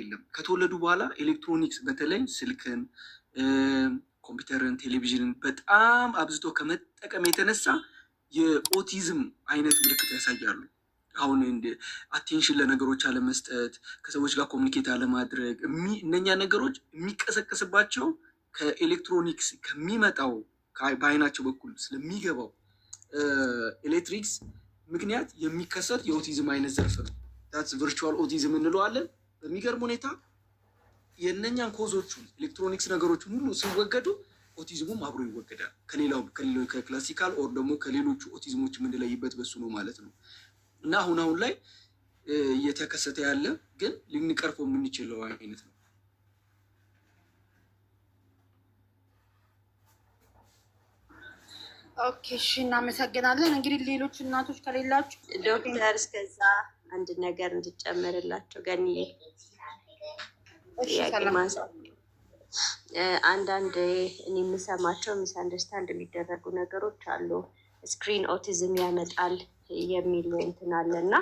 የለም። ከተወለዱ በኋላ ኤሌክትሮኒክስ በተለይ ስልክን፣ ኮምፒውተርን፣ ቴሌቪዥንን በጣም አብዝቶ ከመጠቀም የተነሳ የኦቲዝም አይነት ምልክት ያሳያሉ። አሁን አቴንሽን ለነገሮች አለመስጠት፣ ከሰዎች ጋር ኮሚኒኬት አለማድረግ፣ እነኛ ነገሮች የሚቀሰቀስባቸው ከኤሌክትሮኒክስ ከሚመጣው በአይናቸው በኩል ስለሚገባው ኤሌክትሪክስ ምክንያት የሚከሰት የኦቲዝም አይነት ዘርፍ ነው። ቨርቹዋል ኦቲዝም እንለዋለን። በሚገርም ሁኔታ የእነኛን ኮዞቹን ኤሌክትሮኒክስ ነገሮችን ሁሉ ሲወገዱ ኦቲዝሙም አብሮ ይወገዳል። ከሌላው ከክላሲካል ኦር ደግሞ ከሌሎቹ ኦቲዝሞች የምንለይበት በሱ ነው ማለት ነው እና አሁን አሁን ላይ እየተከሰተ ያለ ግን ልንቀርፈው የምንችለው አይነት ነው። ኦኬ፣ እሺ እናመሰግናለን። እንግዲህ ሌሎች እናቶች ከሌላችሁ ዶክተር እስከዛ አንድ ነገር እንድጨምርላቸው ገንዬ አንዳንድ እኔ የምሰማቸው ሚስ አንደርስታንድ የሚደረጉ ነገሮች አሉ። ስክሪን ኦቲዝም ያመጣል የሚል እንትን አለ እና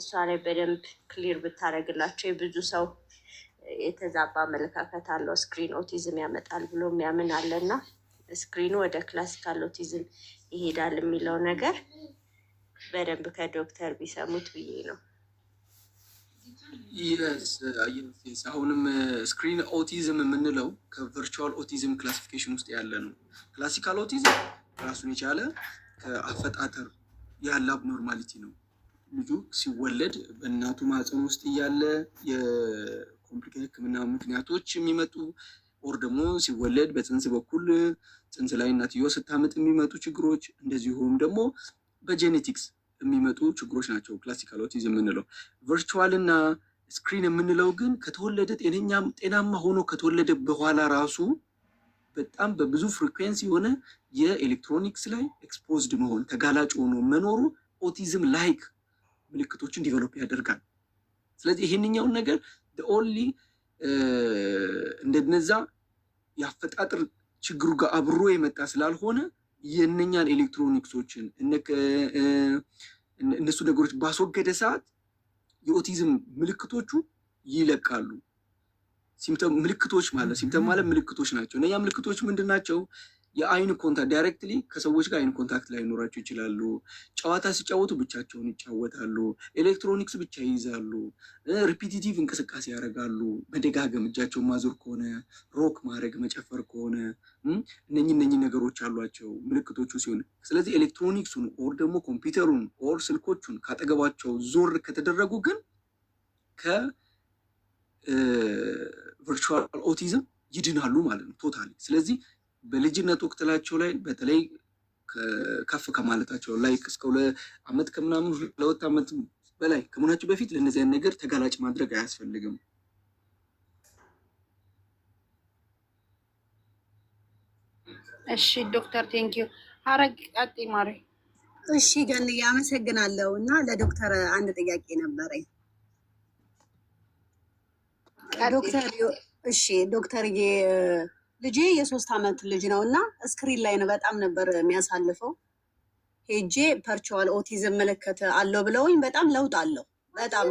እሷ ላይ በደንብ ክሊር ብታደርግላቸው የብዙ ሰው የተዛባ አመለካከት አለው። ስክሪን ኦቲዝም ያመጣል ብሎ የሚያምን አለ እና ስክሪኑ ወደ ክላሲካል ኦቲዝም ይሄዳል የሚለው ነገር በደንብ ከዶክተር ቢሰሙት ብዬ ነው። ይስ uh, አሁንም ስክሪን uh, ኦቲዝም የምንለው ከቨርቹዋል ኦቲዝም ክላሲፊኬሽን ውስጥ ያለ ነው። ክላሲካል ኦቲዝም ራሱን የቻለ ከአፈጣጠር ያለ አብኖርማሊቲ ነው። ልጁ ሲወለድ በእናቱ ማህፀን ውስጥ እያለ የኮምፕሊኬ ሕክምና ምክንያቶች የሚመጡ ኦር ደግሞ ሲወለድ በፅንስ በኩል ፅንስ ላይ እናትዮ ስታምጥ የሚመጡ ችግሮች እንደዚሁም ደግሞ በጄኔቲክስ የሚመጡ ችግሮች ናቸው ክላሲካል ኦቲዝም የምንለው። ቨርቹዋል እና ስክሪን የምንለው ግን ከተወለደ ጤናማ ሆኖ ከተወለደ በኋላ ራሱ በጣም በብዙ ፍሪኩዌንሲ የሆነ የኤሌክትሮኒክስ ላይ ኤክስፖዝድ መሆን ተጋላጭ ሆኖ መኖሩ ኦቲዝም ላይክ ምልክቶችን ዲቨሎፕ ያደርጋል። ስለዚህ ይህንኛውን ነገር ኦንሊ እንደነዛ የአፈጣጥር ችግሩ ጋር አብሮ የመጣ ስላልሆነ የእነኛን ኤሌክትሮኒክሶችን እነሱ ነገሮች ባስወገደ ሰዓት የኦቲዝም ምልክቶቹ ይለቃሉ። ምልክቶች ማለት ሲምተም ማለት ምልክቶች ናቸው። እነኛ ምልክቶች ምንድን ናቸው? የአይን ኮንታክት ዳይሬክትሊ ከሰዎች ጋር አይን ኮንታክት ላይኖራቸው ይችላሉ። ጨዋታ ሲጫወቱ ብቻቸውን ይጫወታሉ። ኤሌክትሮኒክስ ብቻ ይይዛሉ። ሪፒቲቲቭ እንቅስቃሴ ያደርጋሉ። መደጋገም፣ እጃቸውን ማዞር ከሆነ ሮክ ማድረግ፣ መጨፈር ከሆነ እነኚህ እነኝ ነገሮች አሏቸው ምልክቶቹ ሲሆን፣ ስለዚህ ኤሌክትሮኒክሱን ኦር ደግሞ ኮምፒውተሩን ኦር ስልኮቹን ካጠገባቸው ዞር ከተደረጉ ግን ከቨርቹዋል ኦቲዝም ይድናሉ ማለት ነው ቶታሊ። ስለዚህ በልጅነት ወቅት ላቸው ላይ በተለይ ከፍ ከማለታቸው ላይ እስከ ሁለት ዓመት ከምናምን ለሁለት ዓመት በላይ ከመሆናቸው በፊት ለእነዚህ ነገር ተጋላጭ ማድረግ አያስፈልግም። እሺ ዶክተር ቴንኪዩ ሀረግ ቀጤ ማሪ። እሺ ገን አመሰግናለሁ። እና ለዶክተር አንድ ጥያቄ ነበረኝ ዶክተር እሺ ዶክተርዬ ልጄ የሶስት አመት ልጅ ነው እና ስክሪን ላይ ነው በጣም ነበር የሚያሳልፈው። ሄጄ ፐርቸዋል ኦቲዝም ምልክት አለው ብለውኝ በጣም ለውጥ አለው። በጣም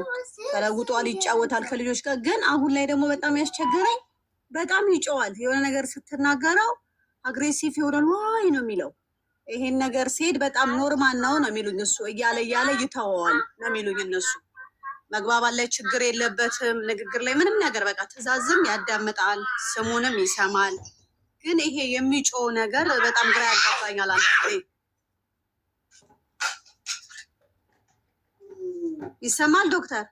ተለውጧል፣ ይጫወታል ከልጆች ጋር። ግን አሁን ላይ ደግሞ በጣም ያስቸግረኝ፣ በጣም ይጨዋል። የሆነ ነገር ስትናገረው አግሬሲቭ ይሆናል፣ ዋይ ነው የሚለው። ይሄን ነገር ሲሄድ በጣም ኖርማል ነው ነው የሚሉኝ እሱ እያለ እያለ ይተወዋል ነው የሚሉኝ እነሱ መግባባት ላይ ችግር የለበትም። ንግግር ላይ ምንም ነገር በቃ ትዕዛዝም ያዳምጣል፣ ስሙንም ይሰማል። ግን ይሄ የሚጮው ነገር በጣም ግራ ያጋባኛል። ይሰማል ዶክተር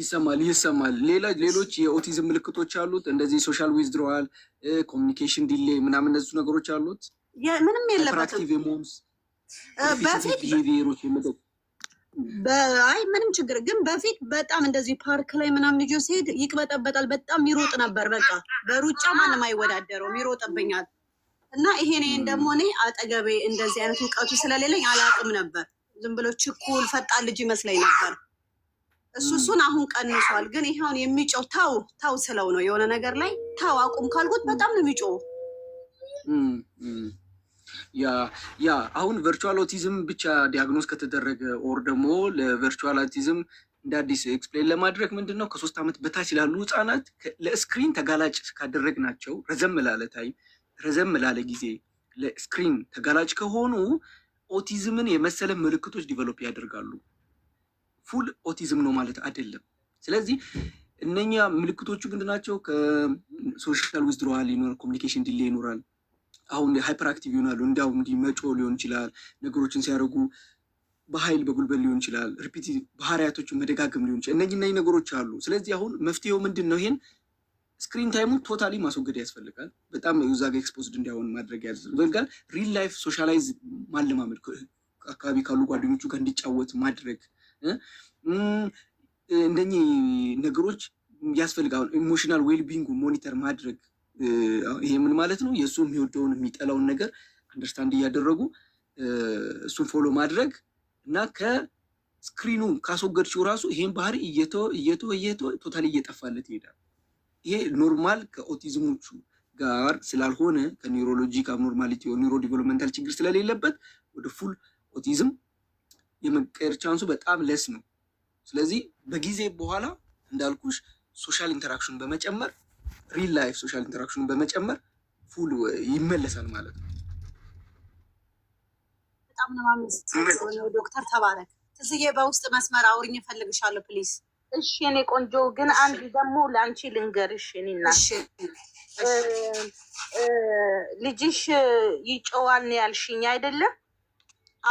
ይሰማል ይሰማል። ሌላ ሌሎች የኦቲዝም ምልክቶች አሉት እንደዚህ ሶሻል ዊዝድሮዋል፣ ኮሚኒኬሽን ዲሌ ምናምን እነሱ ነገሮች አሉት። ምንም የለበትም። በፊት አይ ምንም ችግር ግን በፊት በጣም እንደዚህ ፓርክ ላይ ምናምን ልጆ ሲሄድ ይቅበጠበጣል። በጣም ይሮጥ ነበር። በቃ በሩጫ ማንም አይወዳደረውም፣ ይሮጥብኛል። እና ይሄኔ ይሄን ደግሞ እኔ አጠገቤ እንደዚህ አይነት እውቀቱ ስለሌለኝ አላውቅም ነበር። ዝም ብሎ ችኩል ፈጣን ልጅ ይመስለኝ ነበር። እሱ እሱን አሁን ቀንሷል። ግን ይሄውን የሚጮው ተው ተው ስለው ነው የሆነ ነገር ላይ ተው አቁም ካልኩት በጣም ነው የሚጮው ያ አሁን ቨርቹዋል ኦቲዝም ብቻ ዲያግኖስ ከተደረገ ኦር ደግሞ ለቨርቹዋል ኦቲዝም እንደ አዲስ ኤክስፕሌን ለማድረግ ምንድን ነው ከሶስት ዓመት በታች ላሉ ህፃናት ለስክሪን ተጋላጭ ካደረግ ናቸው ረዘም ላለ ታይም ረዘም ላለ ጊዜ ለስክሪን ተጋላጭ ከሆኑ ኦቲዝምን የመሰለ ምልክቶች ዲቨሎፕ ያደርጋሉ። ፉል ኦቲዝም ነው ማለት አይደለም። ስለዚህ እነኛ ምልክቶቹ ምንድናቸው? ከሶሻል ዊዝድሮዋል ይኖራል፣ ኮሚኒኬሽን ዲሌይ ይኖራል፣ አሁን ሃይፐር አክቲቭ ይሆናሉ። እንዲሁ እንዲህ መጮ ሊሆን ይችላል። ነገሮችን ሲያደርጉ በኃይል በጉልበት ሊሆን ይችላል። ሪፒቲ ባህሪያቶችን መደጋገም ሊሆን ይችላል። እነዚህ እነዚህ ነገሮች አሉ። ስለዚህ አሁን መፍትሄው ምንድን ነው? ይሄን ስክሪን ታይሙን ቶታሊ ማስወገድ ያስፈልጋል። በጣም እዛ ጋ ኤክስፖዝድ እንዳይሆን ማድረግ ያስፈልጋል። ሪል ላይፍ ሶሻላይዝ ማለማመድ፣ አካባቢ ካሉ ጓደኞቹ ጋር እንዲጫወት ማድረግ እንደኚህ ነገሮች ያስፈልጋል። ኢሞሽናል ዌልቢንጉ ሞኒተር ማድረግ ይሄ ምን ማለት ነው? የእሱ የሚወደውን የሚጠላውን ነገር አንደርስታንድ እያደረጉ እሱን ፎሎ ማድረግ እና ከስክሪኑ ካስወገድሽው ራሱ ይሄን ባህሪ እየተ እየተ ቶታል እየጠፋለት ይሄዳል። ይሄ ኖርማል ከኦቲዝሞቹ ጋር ስላልሆነ ከኒውሮሎጂክ አብኖርማሊቲ ኒውሮ ዲቨሎፕመንታል ችግር ስለሌለበት ወደ ፉል ኦቲዝም የመቀየር ቻንሱ በጣም ለስ ነው። ስለዚህ በጊዜ በኋላ እንዳልኩሽ ሶሻል ኢንተራክሽን በመጨመር ሪል ላይፍ ሶሻል ኢንተራክሽኑን በመጨመር ፉል ይመለሳል ማለት ነው። በጣም ነው ዶክተር ተባረክ ትዝዬ፣ በውስጥ መስመር አውሪኝ እፈልግሻለሁ ፕሊዝ። እሺ እኔ ቆንጆ ግን አንድ ደግሞ ለአንቺ ልንገርሽ። እኔና ልጅሽ ይጨዋል ነው ያልሽኝ አይደለም?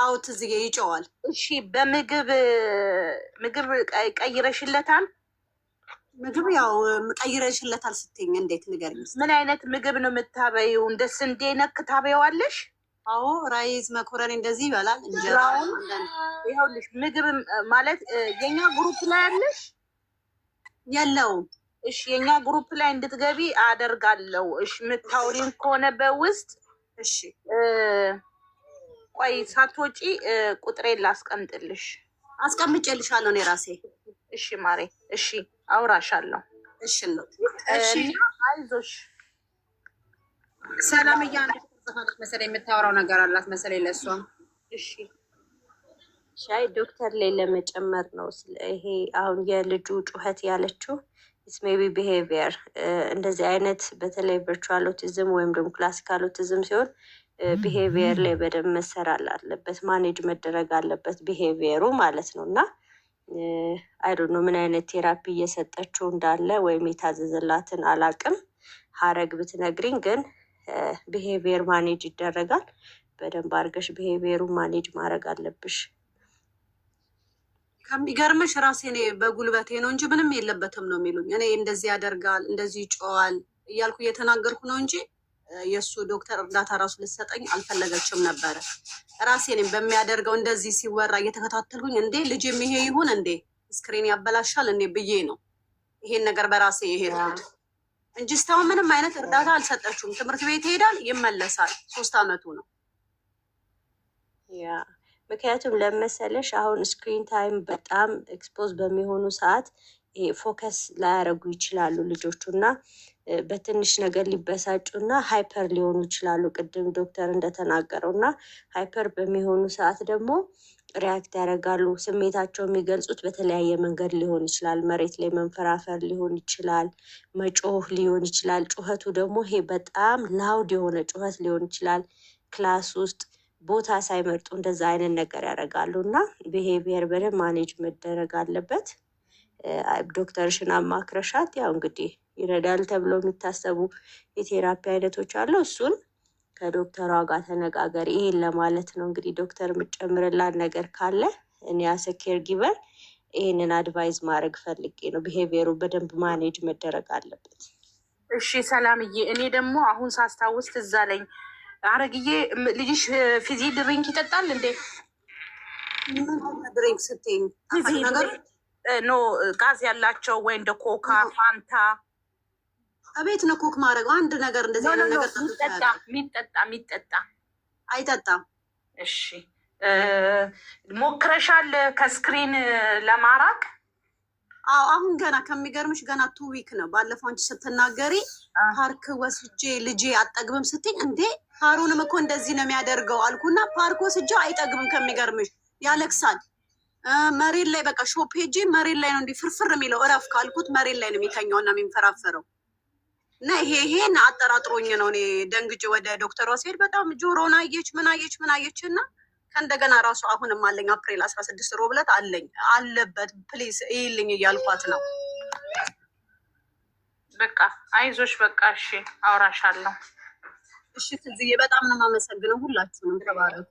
አዎ ትዝዬ ይጨዋል። እሺ በምግብ ምግብ ቀይረሽለታል? ምግብ ያው ቀይረሽለታል ስትይኝ እንዴት ንገር። ምን አይነት ምግብ ነው የምታበይው? እንደ ስንዴ ነክ ታበይዋለሽ? አዎ ራይዝ መኮረኒ እንደዚህ ይበላል። እንጀራ ይኸውልሽ፣ ምግብ ማለት የኛ ግሩፕ ላይ አለሽ የለውም። እሺ የኛ ግሩፕ ላይ እንድትገቢ አደርጋለሁ። እሺ የምታውሪን ከሆነ በውስጥ እሺ። ቆይ ሳትወጪ ቁጥሬን ላስቀምጥልሽ። አስቀምጬልሻለሁ እኔ ራሴ። እሺ ማሬ፣ እሺ አውራሻለሁ። እሺ ነው አይዞሽ ሰላም እያለ መሰለኝ የምታወራው ነገር አላት መሰለኝ ለእሷ። እሺ ሻይ ዶክተር ላይ ለመጨመር ነው። ይሄ አሁን የልጁ ጩኸት ያለችው ስሜቢ ቢሄቪየር እንደዚህ አይነት በተለይ ቨርቹዋል ኦቲዝም ወይም ደግሞ ክላሲካል ኦቲዝም ሲሆን ቢሄቪየር ላይ በደንብ መሰራል አለበት፣ ማኔጅ መደረግ አለበት ቢሄቪየሩ ማለት ነው እና አይዶ ነው ምን አይነት ቴራፒ እየሰጠችው እንዳለ ወይም የታዘዘላትን አላቅም። ሀረግ ብትነግሪኝ ግን ብሄቪየር ማኔጅ ይደረጋል። በደንብ አድርገሽ ብሄቪየሩን ማኔጅ ማድረግ አለብሽ። ከሚገርምሽ ራሴ እኔ በጉልበቴ ነው እንጂ ምንም የለበትም ነው የሚሉኝ። እኔ እንደዚህ ያደርጋል እንደዚህ ይጮዋል እያልኩ እየተናገርኩ ነው እንጂ የእሱ ዶክተር እርዳታ ራሱ ልሰጠኝ አልፈለገችም ነበረ። ራሴንም በሚያደርገው እንደዚህ ሲወራ እየተከታተልኩኝ እንዴ ልጅም ይሄ ይሁን እንዴ ስክሪን ያበላሻል እኔ ብዬ ነው ይሄን ነገር በራሴ የሄድኩት እንጂ እስካሁን ምንም አይነት እርዳታ አልሰጠችውም። ትምህርት ቤት ይሄዳል ይመለሳል። ሶስት አመቱ ነው። ምክንያቱም ለመሰለሽ አሁን ስክሪን ታይም በጣም ኤክስፖዝ በሚሆኑ ሰዓት ፎከስ ላያደረጉ ይችላሉ ልጆቹ እና በትንሽ ነገር ሊበሳጩ እና ሃይፐር ሊሆኑ ይችላሉ። ቅድም ዶክተር እንደተናገረው እና ሃይፐር በሚሆኑ ሰዓት ደግሞ ሪያክት ያደርጋሉ። ስሜታቸው የሚገልጹት በተለያየ መንገድ ሊሆን ይችላል። መሬት ላይ መንፈራፈር ሊሆን ይችላል፣ መጮህ ሊሆን ይችላል። ጩኸቱ ደግሞ ይሄ በጣም ላውድ የሆነ ጩኸት ሊሆን ይችላል። ክላስ ውስጥ ቦታ ሳይመርጡ እንደዛ አይነት ነገር ያደርጋሉ እና ብሄቪየር በደንብ ማኔጅ መደረግ አለበት። ዶክተርሽን አማክረሻት ያው እንግዲህ ይረዳል ተብሎ የሚታሰቡ የቴራፒ አይነቶች አሉ። እሱን ከዶክተሯ ጋር ተነጋገር። ይሄን ለማለት ነው እንግዲህ ዶክተር የምጨምርላን ነገር ካለ እኔ አሰኬር ጊቨር ይህንን አድቫይዝ ማድረግ ፈልጌ ነው። ብሄቪየሩ በደንብ ማኔጅ መደረግ አለበት። እሺ ሰላምዬ፣ እኔ ደግሞ አሁን ሳስታውስ ትዝ አለኝ አረግዬ ልጅሽ ፊዚ ድሪንክ ይጠጣል እንዴ? ድሪንክ ስትይኝ ኖ ጋዝ ያላቸው ወይ እንደ ኮካ ፋንታ ቤት ነው ኮክ ማድረግ አንድ ነገር እንደዚህ ሚጠጣ ሚጠጣ ሚጠጣ አይጠጣም። እሺ ሞክረሻል ከስክሪን ለማራቅ አሁን ገና ከሚገርምሽ ገና ቱ ዊክ ነው። ባለፈው አንቺ ስትናገሪ ፓርክ ወስጄ ልጄ አጠግብም ስትኝ እንዴ ሀሩንም እኮ እንደዚህ ነው የሚያደርገው አልኩና ፓርክ ወስጄ አይጠግብም። ከሚገርምሽ ያለቅሳል። መሬት ላይ በቃ ሾፕ ሄጄ መሬት ላይ ነው እንዲህ ፍርፍር የሚለው እረፍ ካልኩት መሬት ላይ ነው የሚተኛውና የሚንፈራፈረው እና ይሄ ይሄን አጠራጥሮኝ ነው እኔ ደንግጬ ወደ ዶክተር ወስሄድ በጣም ጆሮን አየች ምን አየች ምን አየች እና ከእንደገና ራሱ አሁንም አለኝ አፕሪል አስራ ስድስት ሮብ ዕለት አለኝ አለበት ፕሊዝ ይልኝ እያልኳት ነው። በቃ አይዞሽ፣ በቃ እሺ፣ አውራሻለሁ። እሺ፣ ትዝዬ በጣም ነው የማመሰግነው። ሁላችሁንም ተባረኩ።